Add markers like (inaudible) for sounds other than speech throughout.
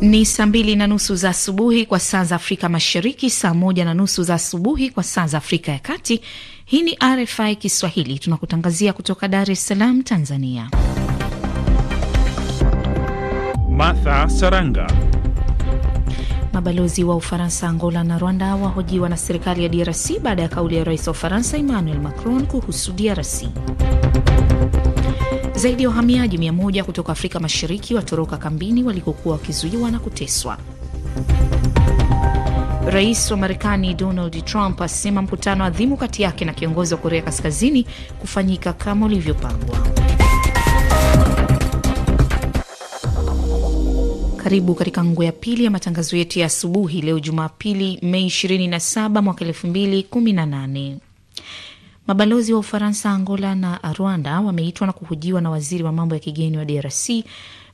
Ni saa mbili na nusu za asubuhi kwa saa za Afrika Mashariki, saa moja na nusu za asubuhi kwa saa za Afrika ya Kati. Hii ni RFI Kiswahili, tunakutangazia kutoka Dar es Salaam, Tanzania. Martha Saranga. Mabalozi wa Ufaransa, Angola na Rwanda wahojiwa na serikali ya DRC baada ya kauli ya rais wa Ufaransa Emmanuel Macron kuhusu DRC. Zaidi ya wahamiaji mia moja kutoka Afrika Mashariki watoroka kambini walikokuwa wakizuiwa na kuteswa. Rais wa Marekani Donald Trump asema mkutano adhimu kati yake na kiongozi wa Korea Kaskazini kufanyika kama ulivyopangwa. Karibu katika ngo ya pili ya matangazo yetu ya asubuhi leo Jumapili, Mei 27 mwaka 2018. Mabalozi wa Ufaransa, Angola na Rwanda wameitwa na kuhojiwa na waziri wa mambo ya kigeni wa DRC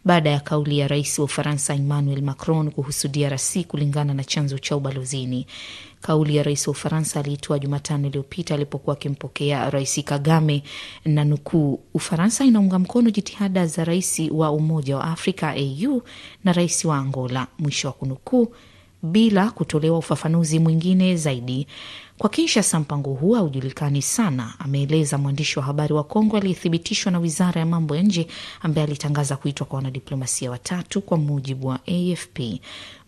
baada ya kauli ya rais wa Ufaransa Emmanuel Macron kuhusu DRC, kulingana na chanzo cha ubalozini. Kauli ya rais wa Ufaransa aliitoa Jumatano iliyopita alipokuwa akimpokea Rais Kagame na nukuu, Ufaransa inaunga mkono jitihada za rais wa Umoja wa Afrika au na rais wa Angola, mwisho wa kunukuu bila kutolewa ufafanuzi mwingine zaidi. Kwa Kinshasa, mpango huu haujulikani sana, ameeleza mwandishi wa habari wa Kongo aliyethibitishwa na wizara ya mambo ya nje, ambaye alitangaza kuitwa kwa wanadiplomasia watatu, kwa mujibu wa AFP.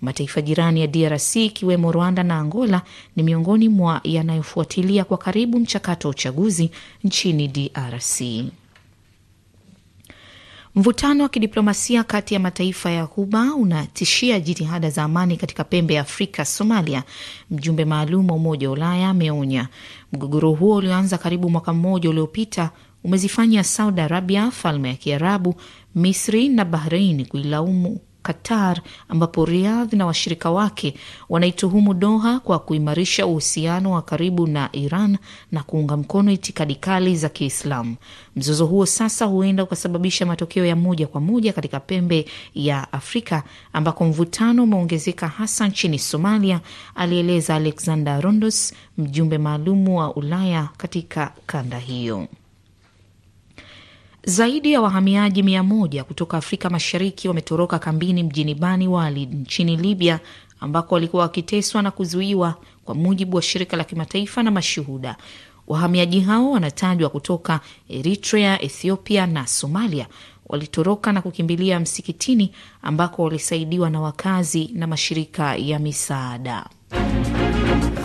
Mataifa jirani ya DRC ikiwemo Rwanda na Angola ni miongoni mwa yanayofuatilia kwa karibu mchakato wa uchaguzi nchini DRC. Mvutano wa kidiplomasia kati ya mataifa ya Ghuba unatishia jitihada za amani katika pembe ya Afrika, Somalia, mjumbe maalum wa Umoja wa Ulaya ameonya. Mgogoro huo ulioanza karibu mwaka mmoja uliopita umezifanya Saudi Arabia, Falme ya Kiarabu, Misri na Bahrein kuilaumu Qatar, ambapo Riyadh na washirika wake wanaituhumu Doha kwa kuimarisha uhusiano wa karibu na Iran na kuunga mkono itikadi kali za Kiislamu. Mzozo huo sasa huenda ukasababisha matokeo ya moja kwa moja katika pembe ya Afrika ambako mvutano umeongezeka hasa nchini Somalia, alieleza Alexander Rondos, mjumbe maalumu wa Ulaya katika kanda hiyo. Zaidi ya wahamiaji mia moja kutoka Afrika Mashariki wametoroka kambini mjini Bani Walid nchini Libya, ambako walikuwa wakiteswa na kuzuiwa, kwa mujibu wa shirika la kimataifa na mashuhuda. Wahamiaji hao wanatajwa kutoka Eritrea, Ethiopia na Somalia. Walitoroka na kukimbilia msikitini ambako walisaidiwa na wakazi na mashirika ya misaada.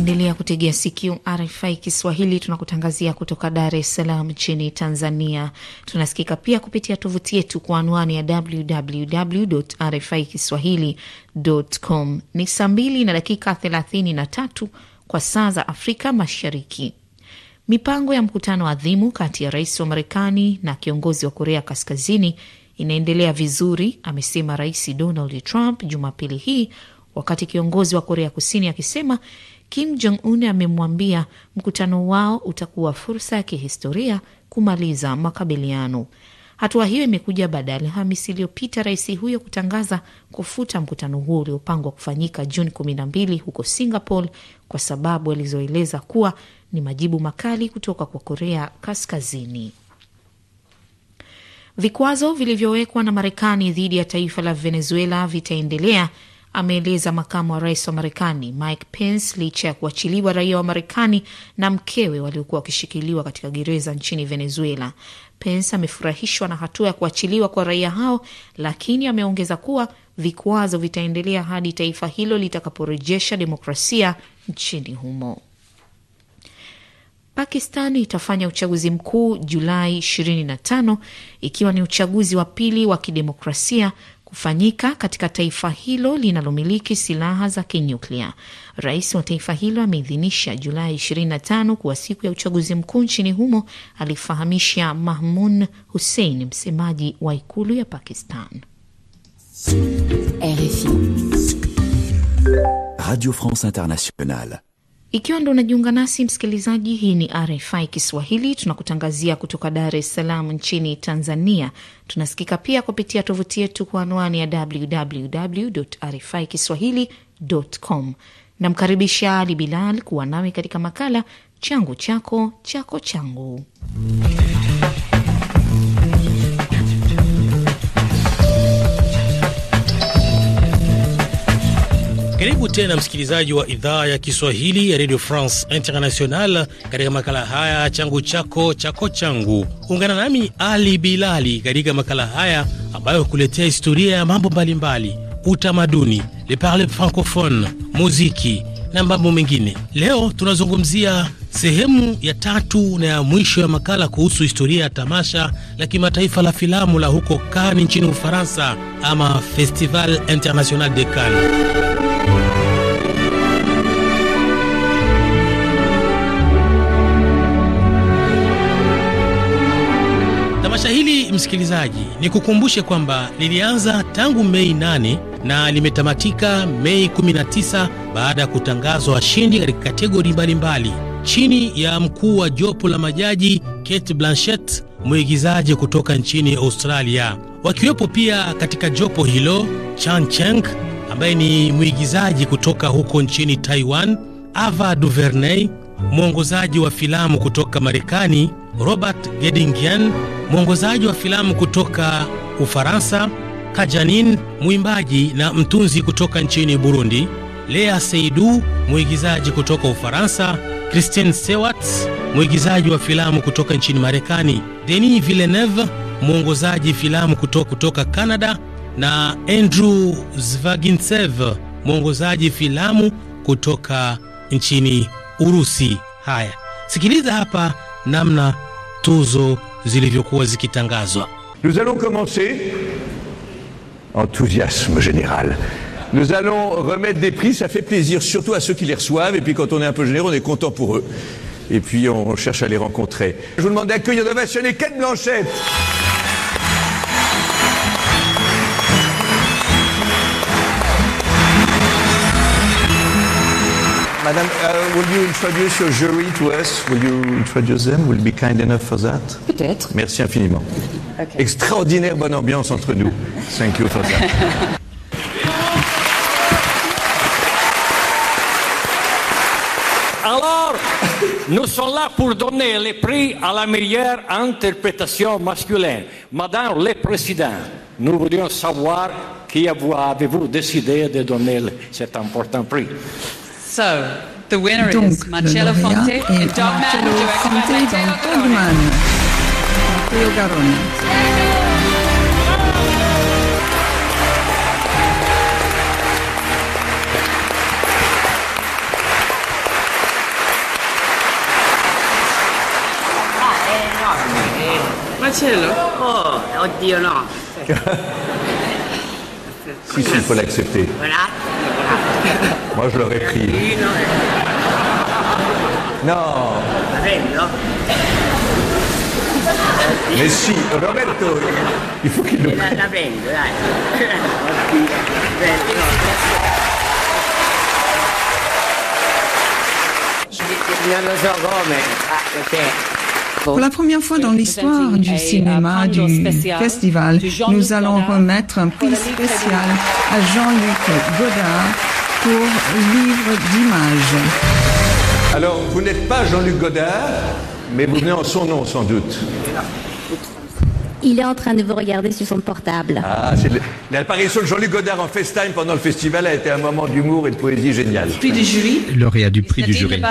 Unaendelea kutegea sikio RFI Kiswahili, tunakutangazia kutoka Dar es Salaam nchini Tanzania. Tunasikika pia kupitia tovuti yetu kwa anwani ya www RFI kiswahilicom. Ni saa mbili na dakika 33 kwa saa za Afrika Mashariki. Mipango ya mkutano adhimu kati ya rais wa Marekani na kiongozi wa Korea Kaskazini inaendelea vizuri, amesema Rais Donald Trump Jumapili hii, wakati kiongozi wa Korea Kusini akisema Kim Jong Un amemwambia mkutano wao utakuwa fursa ya kihistoria kumaliza makabiliano. Hatua hiyo imekuja baada ya Alhamisi iliyopita rais huyo kutangaza kufuta mkutano huo uliopangwa kufanyika Juni 12 huko Singapore kwa sababu alizoeleza kuwa ni majibu makali kutoka kwa Korea Kaskazini. Vikwazo vilivyowekwa na Marekani dhidi ya taifa la Venezuela vitaendelea ameeleza makamu wa rais wa Marekani Mike Pence, licha ya kuachiliwa raia wa Marekani na mkewe waliokuwa wakishikiliwa katika gereza nchini Venezuela. Pence amefurahishwa na hatua ya kuachiliwa kwa raia hao, lakini ameongeza kuwa vikwazo vitaendelea hadi taifa hilo litakaporejesha demokrasia nchini humo. Pakistan itafanya uchaguzi mkuu Julai 25 ikiwa ni uchaguzi wa pili wa kidemokrasia kufanyika katika taifa hilo linalomiliki silaha za kinyuklia. Rais wa taifa hilo ameidhinisha Julai 25 kuwa siku ya uchaguzi mkuu nchini humo, alifahamisha Mahmun Hussein, msemaji wa ikulu ya Pakistan. RFI. Radio France Internationale. Ikiwa ndo unajiunga nasi msikilizaji, hii ni RFI Kiswahili, tunakutangazia kutoka Dar es Salaam nchini Tanzania. Tunasikika pia kupitia tovuti yetu kwa anwani ya www RFI kiswahilicom. Namkaribisha Ali Bilal kuwa nawe katika makala changu chako chako changu. Karibu tena msikilizaji wa idhaa ya Kiswahili ya Radio France International katika makala haya changu chako chako changu. Ungana nami Ali Bilali katika makala haya ambayo hukuletea historia ya mambo mbalimbali, utamaduni, le parle francophone, muziki na mambo mengine. Leo tunazungumzia sehemu ya tatu na ya mwisho ya makala kuhusu historia ya tamasha la kimataifa la filamu la huko Cannes nchini Ufaransa ama Festival International de Cannes. msikilizaji, nikukumbushe kwamba lilianza tangu Mei 8 na limetamatika Mei 19 baada ya kutangazwa washindi katika kategori mbalimbali chini ya mkuu wa jopo la majaji Kate Blanchett, mwigizaji kutoka nchini Australia. Wakiwepo pia katika jopo hilo Chan Cheng ambaye ni mwigizaji kutoka huko nchini Taiwan, Ava DuVernay mwongozaji wa filamu kutoka Marekani Robert Gedingian, mwongozaji wa filamu kutoka Ufaransa, Kajanin, mwimbaji na mtunzi kutoka nchini Burundi, Lea Seidu, mwigizaji kutoka Ufaransa, Christian sewat mwigizaji wa filamu kutoka nchini Marekani, Denis Villeneuve, mwongozaji filamu kutoka, kutoka Canada na Andrew Zvagintsev, mwongozaji filamu kutoka nchini Urusi. Haya, sikiliza hapa namna Nous allons commencer enthousiasme général. Nous allons remettre des prix, ça fait plaisir, surtout à ceux qui les reçoivent. Et puis quand on est un peu généreux, on est content pour eux. Et puis on cherche à les rencontrer. Je vous demande d'accueillir de Kate Blanchette. Madame, uh, will you introduce your jury to us? Will you introduce them? Will you be kind enough for that? Peut-être. Merci infiniment. Extraordinaire bonne ambiance entre nous. Thank you for (laughs) Alors, nous sommes là pour donner le prix à la meilleure interprétation masculine. Madame le Président, nous voudrions savoir qui avez-vous décidé de donner cet important prix. So, the winner Donc, is Marcello Fonte et Dogman, Fonte dans Dogman. Matteo Garone. Marcello? Oh, oddio no. (laughs) sì, sì, può l'accettare. Voilà. Moi, je l'aurais pris. Non. Mais si, Roberto, il faut qu'il le prenne. Ah, pour la première fois dans l'histoire du eh, cinéma, du festival, nous allons remettre un prix spécial à Jean-Luc Godard pour Livre d'images. Alors, vous n'êtes pas Jean-Luc Godard, mais vous venez en son nom sans doute. Il est en train de vous regarder sur son portable. Ah, c'est l'apparition de Jean-Luc Godard en FaceTime pendant le festival a été un moment d'humour et de poésie génial. Prix du jury. Lauréat du prix du jury.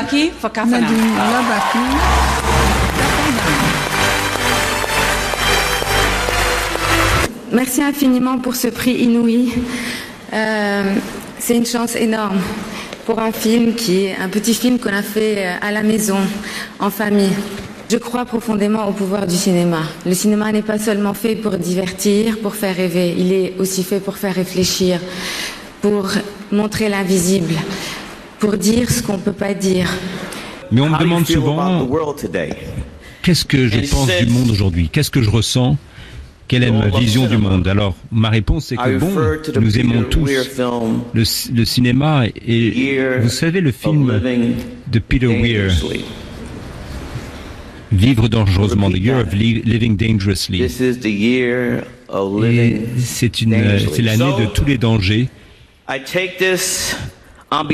Merci infiniment pour ce prix inouï. Euh, c'est une chance énorme pour un film qui est un petit film qu'on a fait euh, à la maison, en famille. Je crois profondément au pouvoir du cinéma. Le cinéma n'est pas seulement fait pour divertir, pour faire rêver, il est aussi fait pour faire réfléchir, pour montrer l'invisible, pour dire ce qu'on ne peut pas dire. Mais on me demande souvent, qu'est-ce que je pense du monde aujourd'hui Qu'est-ce que je ressens quelle est ma vision du monde Alors, ma réponse est que, bon, nous aimons tous le, cinéma et, vous savez, le film de Peter Weir, Vivre dangereusement, The Year of Living Dangerously. c'est l'année de tous les dangers. Et moi,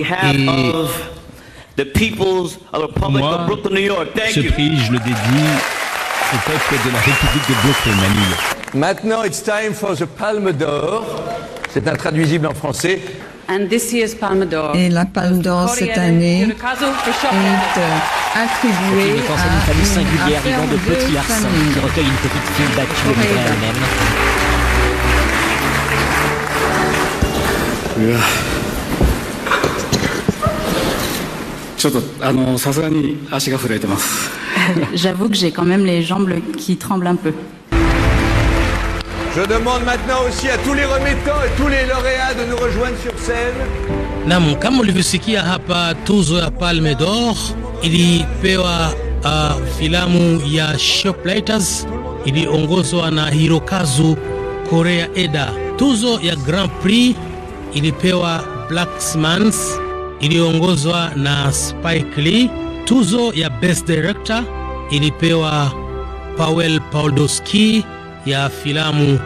ce prix, je le dédie au peuple de la République de Brooklyn, Manille. Maintenant, it's time for the Palme d'Or. C'est intraduisible en français. And this year's Palme d'Or. Et la Palme d'Or cette année est attribuée une à une famille singulière vivant de petits larcins qui recueille une petite fille battue et elle-même. ちょっとあのさすがに足が震えてます。(laughs) J'avoue que j'ai quand même les jambes qui tremblent un peu. Je demande maintenant aussi à tous les remettants et tous les lauréats de nous rejoindre sur scène. Nam kama ulivisikia hapa tuzo ya Palme d'Or ilipewa a filamu ya Shoplighters iliongozwa na Hirokazu Korea Eda. Tuzo ya Grand Prix ilipewa Black y a na Spike Lee. Tuzo ya Best Director ilipewa pawel Pawlowski ya filamu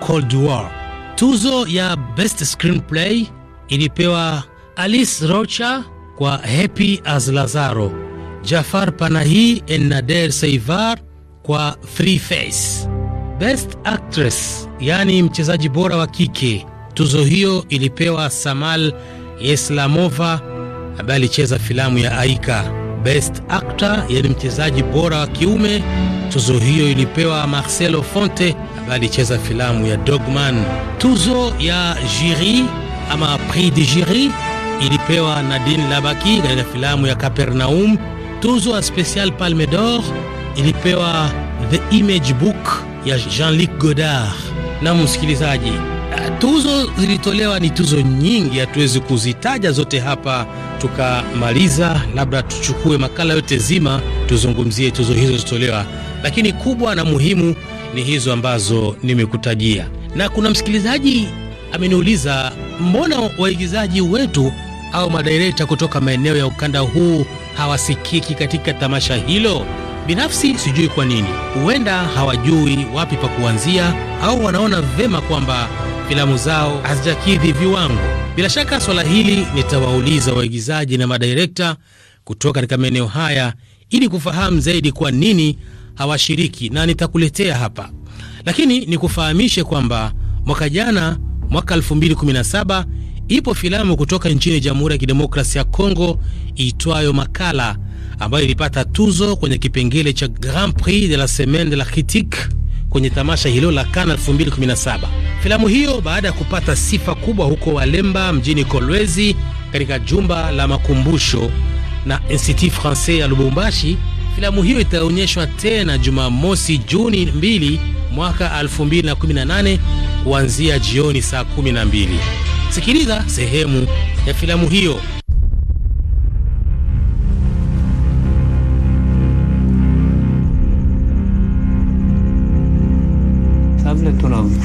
Cold War. Tuzo ya Best Screenplay ilipewa Alice Rocha kwa Happy as Lazaro, Jafar Panahi and Nader Saivar kwa Free Face. Best Actress, yaani mchezaji bora wa kike, tuzo hiyo ilipewa Samal Yeslamova ambaye alicheza filamu ya Aika. Best Actor, yani mchezaji bora wa kiume. Tuzo hiyo ilipewa Marcelo Fonte ambaye alicheza filamu ya Dogman. Tuzo ya jiri ama prix de jiri ilipewa Nadine Labaki katika filamu ya Capernaum. Tuzo ya Special Palme d'Or ilipewa The Image Book ya Jean-Luc Godard. Na msikilizaji Tuzo zilitolewa ni tuzo nyingi, hatuwezi kuzitaja zote hapa tukamaliza. Labda tuchukue makala yote zima tuzungumzie tuzo hizo zilizotolewa, lakini kubwa na muhimu ni hizo ambazo nimekutajia. Na kuna msikilizaji ameniuliza, mbona waigizaji wetu au madirekta kutoka maeneo ya ukanda huu hawasikiki katika tamasha hilo? Binafsi sijui kwa nini, huenda hawajui wapi pa kuanzia, au wanaona vema kwamba filamu zao hazijakidhi viwango. Bila shaka swala hili nitawauliza waigizaji na madirekta kutoka katika maeneo haya ili kufahamu zaidi kwa nini hawashiriki, na nitakuletea hapa, lakini nikufahamishe kwamba mwaka jana, mwaka 2017 ipo filamu kutoka nchini Jamhuri ya Kidemokrasia ya Kongo iitwayo Makala ambayo ilipata tuzo kwenye kipengele cha Grand Prix de la Semaine de la Critique kwenye tamasha hilo la Cannes 2017. Filamu hiyo baada ya kupata sifa kubwa huko Walemba mjini Kolwezi katika jumba la makumbusho na Institut Francais ya Lubumbashi. Filamu hiyo itaonyeshwa tena Jumamosi Juni 2 mwaka 2018 kuanzia jioni saa 12. Sikiliza sehemu ya filamu hiyo.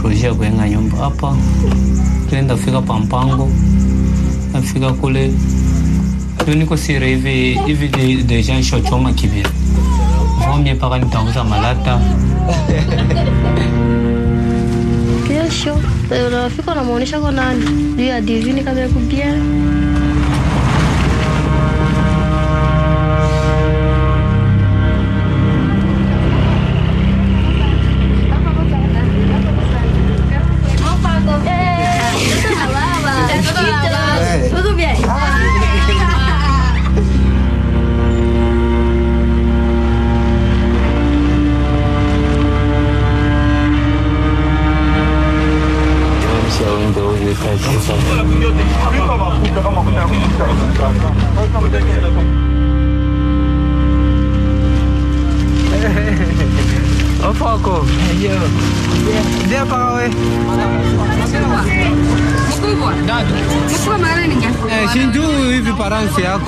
kulishia kuenga nyumba hapa. kile ndafika pampango nafika kule ndio niko sire hivi hivi de, deja nishochoma kibiri vomye mpaka nitauza malata kesho. Unafika eh, unamuonesha kwa nani juu ya divini kama ya kubiara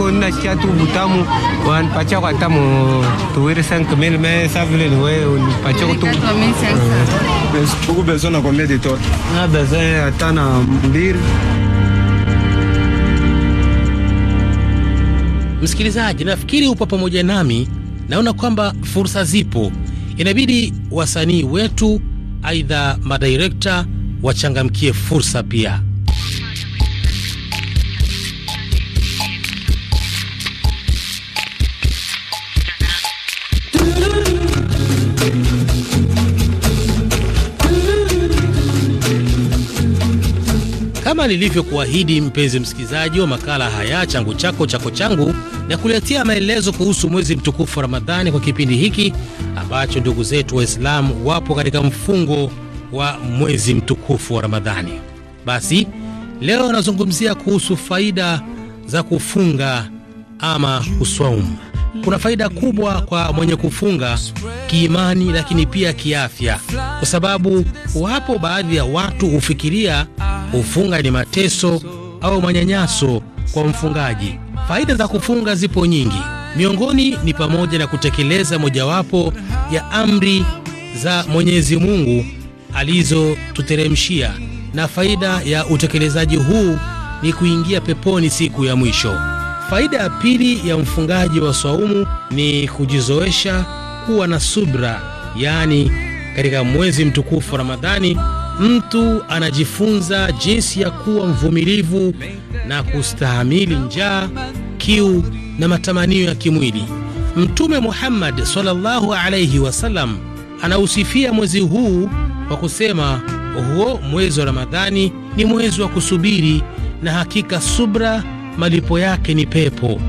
niko butamu, tamu ni tu na de Na atana Msikilizaji, nafikiri upo pamoja nami, naona kwamba fursa zipo, inabidi wasanii wetu aidha madirekta wachangamkie fursa pia. Kama nilivyokuahidi mpenzi msikilizaji wa makala haya changu chako chako changu, na kuletea maelezo kuhusu mwezi mtukufu wa Ramadhani kwa kipindi hiki ambacho ndugu zetu Waislamu wapo katika mfungo wa mwezi mtukufu wa Ramadhani. Basi leo anazungumzia kuhusu faida za kufunga ama kuswaumu kuna faida kubwa kwa mwenye kufunga kiimani, lakini pia kiafya, kwa sababu wapo baadhi ya watu hufikiria kufunga ni mateso au manyanyaso kwa mfungaji. Faida za kufunga zipo nyingi, miongoni ni pamoja na kutekeleza mojawapo ya amri za Mwenyezi Mungu alizotuteremshia, na faida ya utekelezaji huu ni kuingia peponi siku ya mwisho. Faida ya pili ya mfungaji wa swaumu ni kujizoesha kuwa na subra, yaani katika mwezi mtukufu Ramadhani mtu anajifunza jinsi ya kuwa mvumilivu na kustahamili njaa, kiu na matamanio ya kimwili. Mtume Muhammad sallallahu alayhi wasallam anausifia mwezi huu kwa kusema, huo mwezi wa Ramadhani ni mwezi wa kusubiri, na hakika subra malipo yake ni pepo.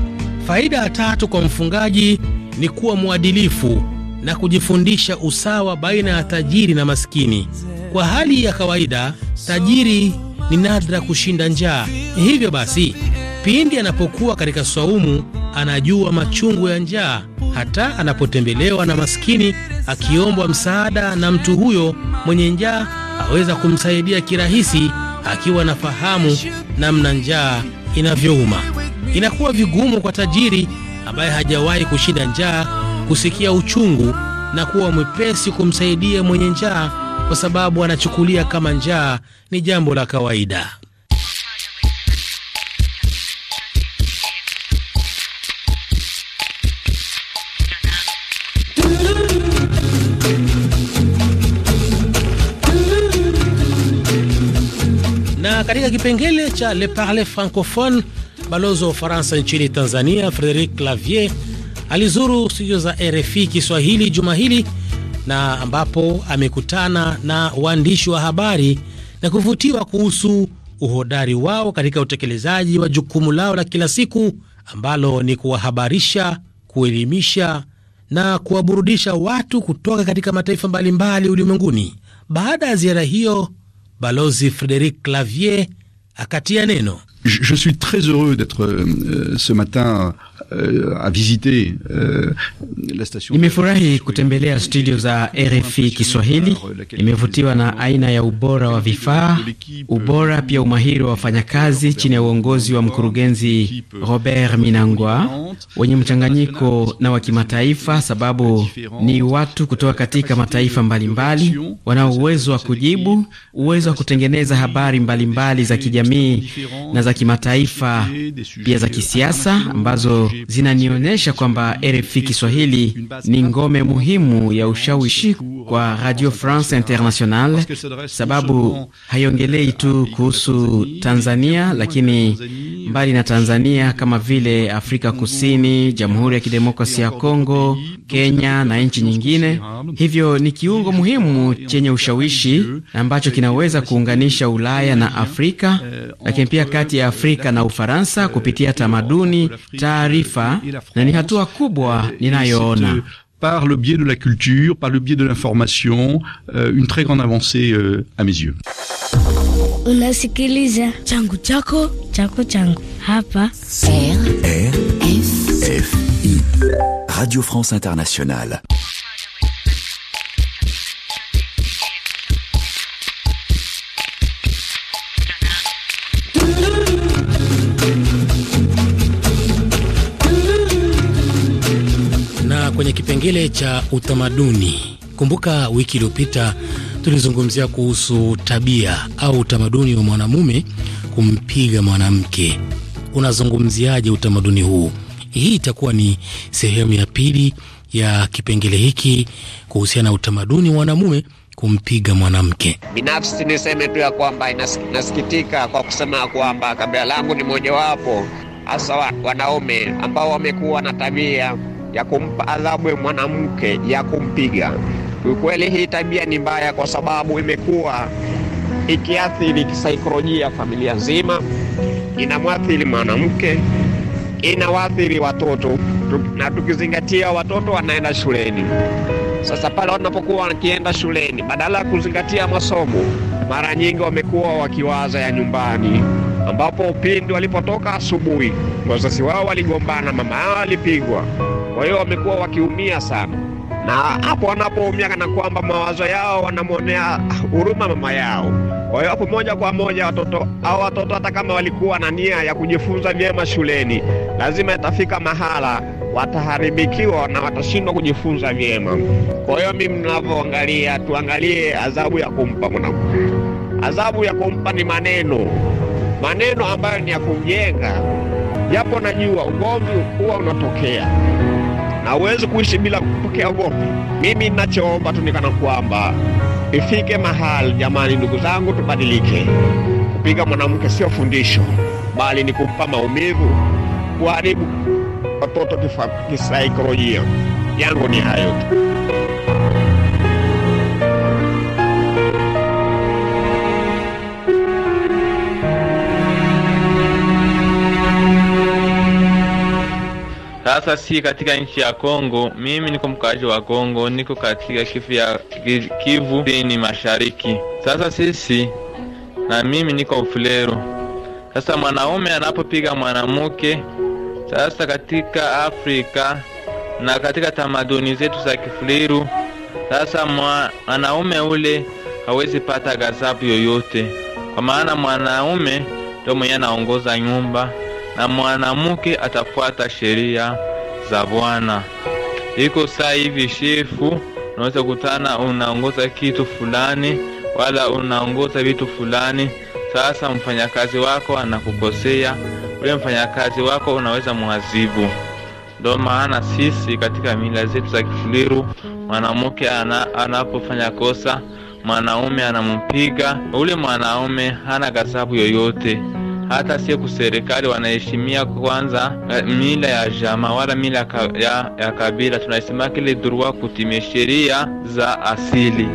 Faida ya tatu kwa mfungaji ni kuwa mwadilifu na kujifundisha usawa baina ya tajiri na maskini. Kwa hali ya kawaida, tajiri ni nadra kushinda njaa. Hivyo basi, pindi anapokuwa katika swaumu, anajua machungu ya njaa, hata anapotembelewa na maskini akiombwa msaada na mtu huyo mwenye njaa aweza kumsaidia kirahisi, akiwa fahamu namna njaa inavyouma. Inakuwa vigumu kwa tajiri ambaye hajawahi kushinda njaa kusikia uchungu na kuwa mwepesi kumsaidia mwenye njaa, kwa sababu anachukulia kama njaa ni jambo la kawaida. Katika kipengele cha Le Parle Francophone, balozi wa Ufaransa nchini Tanzania Frederic Clavier alizuru studio za RFI Kiswahili juma hili na ambapo amekutana na waandishi wa habari na kuvutiwa kuhusu uhodari wao katika utekelezaji wa jukumu lao la kila siku ambalo ni kuwahabarisha, kuelimisha na kuwaburudisha watu kutoka katika mataifa mbalimbali ulimwenguni. Baada ya ziara hiyo Balozi Frédéric Clavier akatia neno. Je suis très heureux d'être euh, ce matin uh, visiter, uh, la station. Nimefurahi kutembelea studio za RFI Kiswahili. Nimevutiwa na aina ya ubora wa vifaa, ubora pia umahiri wa wafanyakazi chini ya uongozi wa mkurugenzi Robert Minangwa, wenye mchanganyiko na wa kimataifa, sababu ni watu kutoka katika mataifa mbalimbali wanao uwezo wa kujibu, uwezo wa kutengeneza habari mbalimbali mbali za kijamii na za kimataifa, pia za kisiasa ambazo zinanionyesha kwamba RFI Kiswahili ni ngome muhimu ya ushawishi kwa Radio France Internationale, sababu haiongelei tu kuhusu Tanzania, lakini mbali na Tanzania kama vile Afrika Kusini, Jamhuri ya Kidemokrasia ya Kongo, Kenya na nchi nyingine. Hivyo ni kiungo muhimu chenye ushawishi ambacho kinaweza kuunganisha Ulaya na Afrika, lakini pia kati ya Afrika na Ufaransa kupitia tamaduni, taarifa, na ni hatua kubwa ninayoona par le biais de la culture, par le biais de l'information, euh, une très grande avancée euh, à mes yeux. Unasikiliza changu chako chako changu hapa RFI Radio France Internationale. Na kwenye kipengele cha utamaduni, kumbuka wiki iliyopita tulizungumzia kuhusu tabia au utamaduni wa mwanamume kumpiga mwanamke. Unazungumziaje utamaduni huu? Hii itakuwa ni sehemu ya pili ya kipengele hiki kuhusiana na utamaduni wa mwanamume kumpiga mwanamke. Binafsi niseme tu ya kwamba inasikitika kwa kusema kwamba kabila langu ni mojawapo hasa wanaume ambao wamekuwa na tabia ya kumpa adhabu mwanamke ya kumpiga Kiukweli hii tabia ni mbaya, kwa sababu imekuwa ikiathiri kisaikolojia familia nzima, inamwathiri mwanamke, inawaathiri watoto, na tukizingatia watoto wanaenda shuleni. Sasa pale wanapokuwa wakienda shuleni, badala ya kuzingatia masomo, mara nyingi wamekuwa wakiwaza ya nyumbani, ambapo pindi walipotoka asubuhi wazazi wao waligombana, mama yao alipigwa, kwa hiyo wamekuwa wakiumia sana na hapo wanapoumia na kwamba mawazo yao wanamwonea huruma mama yao. Kwa hiyo hapo moja kwa moja watoto au watoto hata kama walikuwa na nia ya kujifunza vyema shuleni, lazima itafika mahala wataharibikiwa na watashindwa kujifunza vyema. Kwa hiyo mimi, mnavyoangalia, tuangalie adhabu ya kumpa mwanamke. Adhabu ya kumpa ni maneno, maneno ambayo ni ya kumjenga, japo najua ugomvi huwa unatokea na huwezi kuishi bila kupokea ugomvi. Mimi ninachoomba tunikana kwamba ifike mahali, jamani, ndugu zangu, tubadilike. Kupiga mwanamke sio fundisho, bali ni kumpa maumivu, kuharibu watoto kisaikolojia. Yangu ni hayo tu. sasa si katika nchi ya Kongo. Mimi niko mkaaji wa Kongo, niko katika Kivu ya Kivu ni mashariki. Sasa sisi na mimi niko Fuleru. Sasa mwanaume anapopiga mwanamke, sasa katika Afrika na katika tamaduni zetu za Kifuleru, sasa mwanaume ule hawezi pata gazabu yoyote, kwa maana mwanaume ndio mwenye anaongoza nyumba na mwanamke atafuata sheria za Bwana. Iko saa hivi shefu, unaweza kutana unaongoza kitu fulani, wala unaongoza vitu fulani. Sasa mfanyakazi wako anakukosea, ule mfanyakazi wako unaweza mwazibu. Ndio maana sisi katika mila zetu za Kifuliru, mwanamke ana, anapofanya kosa, mwanaume anampiga. Ule mwanaume hana ghadhabu yoyote hata siku serikali wanaheshimia kwanza eh, mila ya jama wala mila ya, ya kabila. Tunasema kile durua kutimia sheria za asili.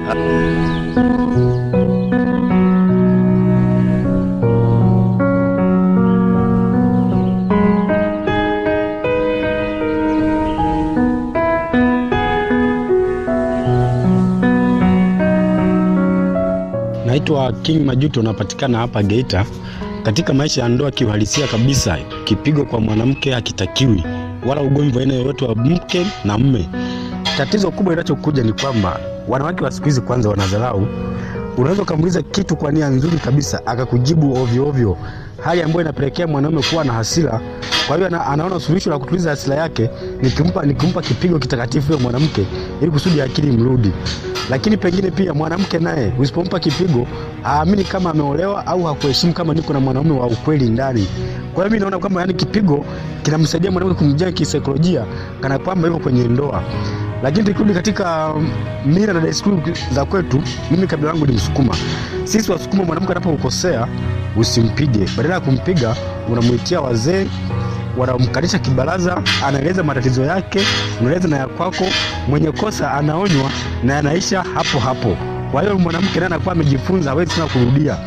Naitwa King Majuto, unapatikana hapa Geita. Katika maisha ya ndoa kiuhalisia kabisa, kipigo kwa mwanamke hakitakiwi, wala ugomvi aina yoyote wa mke na mme. Tatizo kubwa linachokuja ni kwamba wanawake wa siku hizi kwanza wanadharau Unaweza ukamuuliza kitu kwa nia nzuri kabisa akakujibu ovyo ovyo, hali ambayo inapelekea mwanaume kuwa na hasira. Kwa hiyo ana, anaona suluhisho la kutuliza hasira yake nikimpa nikimpa kipigo kitakatifu huyo mwanamke ili kusudi akili mrudi. Lakini pengine pia mwanamke naye usipompa kipigo aamini kama ameolewa au hakuheshimu kama niko na mwanaume wa ukweli ndani. Kwa hiyo mimi naona kwamba yani kipigo kinamsaidia mwanamke kumjenga kisaikolojia kana kwamba yuko kwenye ndoa. Lakini tukirudi katika um, mila na desturi za kwetu, mimi kabila langu ni Msukuma. Sisi Wasukuma, mwanamke anapokosea usimpige, badala ya kumpiga unamuitia wazee, wanamkalisha kibaraza, anaeleza matatizo yake, unaeleza na ya kwako. Mwenye kosa anaonywa na anaisha hapo hapo. Kwa hiyo mwanamke naye anakuwa amejifunza, hawezi tena kurudia.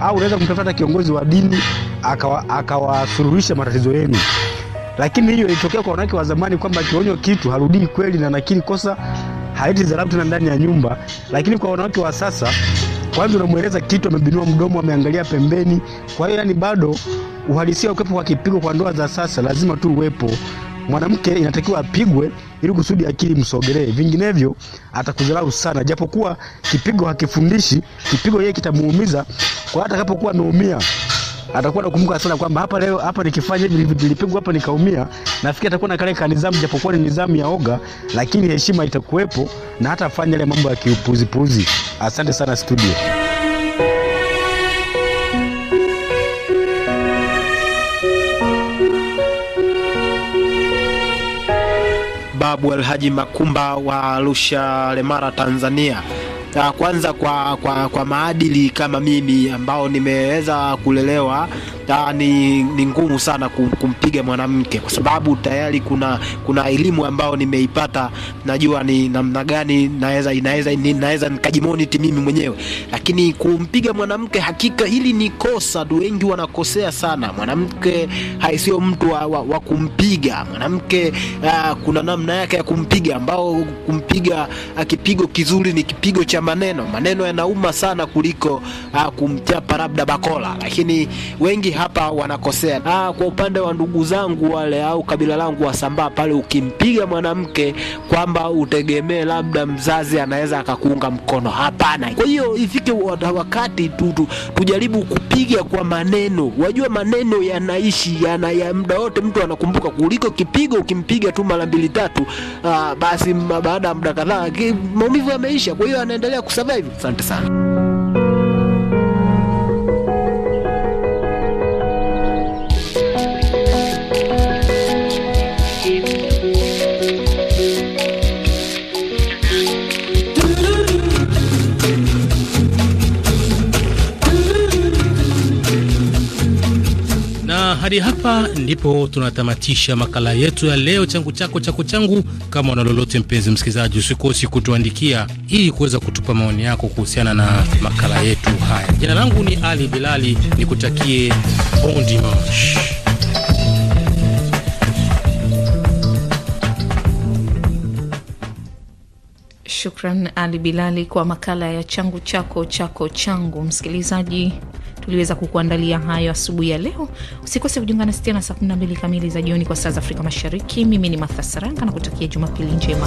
Au unaweza kumtafuta kiongozi wa dini akawasuluhisha akawa matatizo yenu. Lakini hiyo ilitokea kwa wanawake wa zamani kwamba akionywa kitu harudii kweli na nakili kosa haiti zarabu tena ndani ya nyumba. Lakini kwa wanawake wa sasa, kwanza unamweleza kitu, amebinua mdomo, ameangalia pembeni. Kwa hiyo yani bado uhalisia ukwepo kwa kipigo kwa ndoa za sasa lazima tu uwepo. Mwanamke inatakiwa apigwe ili kusudi akili msogelee, vinginevyo atakudharau sana. Japokuwa kipigo hakifundishi, kipigo yeye kitamuumiza, kwa hata kapokuwa ameumia atakuwa nakumbuka sana kwamba hapa leo hapa nikifanya hivi nilipigwa hapa nikaumia. Nafikiri atakuwa na kale ka nidhamu, japokuwa ni nidhamu ya oga, lakini heshima itakuwepo na hata afanya yale mambo ya kiupuzipuzi. Asante sana studio. Babu Alhaji Makumba wa Arusha, Lemara, Tanzania kwanza kwa, kwa, kwa maadili kama mimi ambao nimeweza kulelewa da, ni, ni ngumu sana kumpiga mwanamke kwa sababu tayari kuna kuna elimu ambayo nimeipata, najua ni namna gani naweza inaweza naweza nikajimoniti mimi mwenyewe, lakini kumpiga mwanamke, hakika hili ni kosa, wengi wanakosea sana. Mwanamke haisiyo mtu wa, wa, wa kumpiga mwanamke. Uh, kuna namna yake ya kumpiga ambao kumpiga uh, kipigo kizuri ni kipigo cha maneno. Maneno yanauma sana kuliko uh, kumchapa labda bakola, lakini wengi hapa wanakosea. Na kwa upande wa ndugu zangu wale au kabila langu Wasambaa pale, ukimpiga mwanamke kwamba utegemee labda mzazi anaweza akakuunga mkono, hapana. Kwa hiyo ifike wakati tu, tujaribu kupiga kwa maneno, wajua maneno yanaishi yana, ya muda wote mtu anakumbuka kuliko kipigo. Ukimpiga tu mara mbili tatu, ah, basi baada ya muda kadhaa maumivu yameisha, kwa hiyo anaendelea kusurvive. Asante sana. Hadi hapa ndipo tunatamatisha makala yetu ya leo, changu chako chako changu. Kama una lolote, mpenzi msikilizaji, usikosi kutuandikia ili kuweza kutupa maoni yako kuhusiana na makala yetu haya. Jina langu ni Ali Bilali, nikutakie bon dimanche. Shukran Ali Bilali kwa makala ya changu chako chako changu. Msikilizaji tuliweza kukuandalia hayo asubuhi ya leo. Usikose kujiunga nasi tena saa 12 kamili za jioni kwa saa za Afrika Mashariki. Mimi ni Martha Saranga na kutakia Jumapili njema.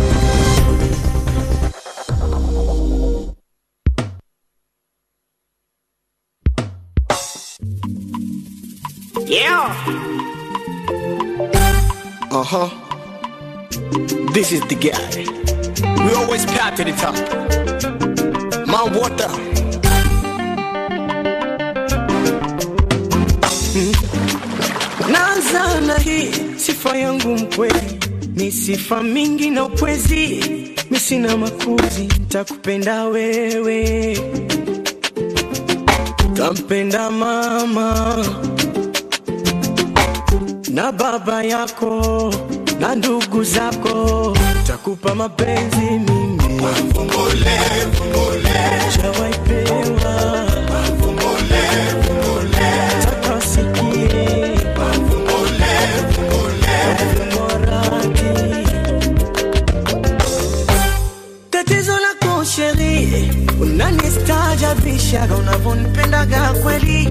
Yeah. Uh-huh. This is the guy. We always to the top. My water. Naanza na hii sifa yangu mkweli, ni sifa mingi na upwezi, misina sina makuzi, ntakupenda wewe, tampenda mama na baba yako na ndugu zako, takupa mapenzi mimi, mbombole mbombole, chawaipewa unavonipendaga kweli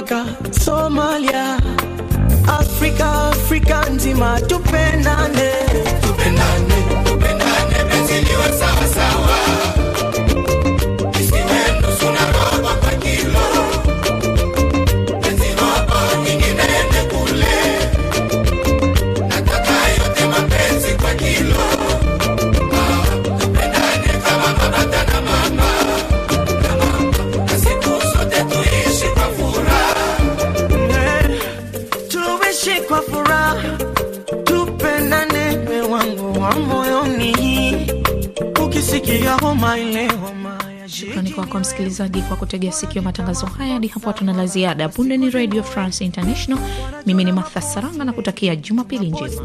mpaka Somalia, Afrika, Afrika nzima tupendane Shukrani kwako msikilizaji kwa kutegea sikio matangazo haya. Hadi hapo hatuna la ziada. Punde ni Radio France International. Mimi ni Martha Saranga na kutakia Jumapili njema.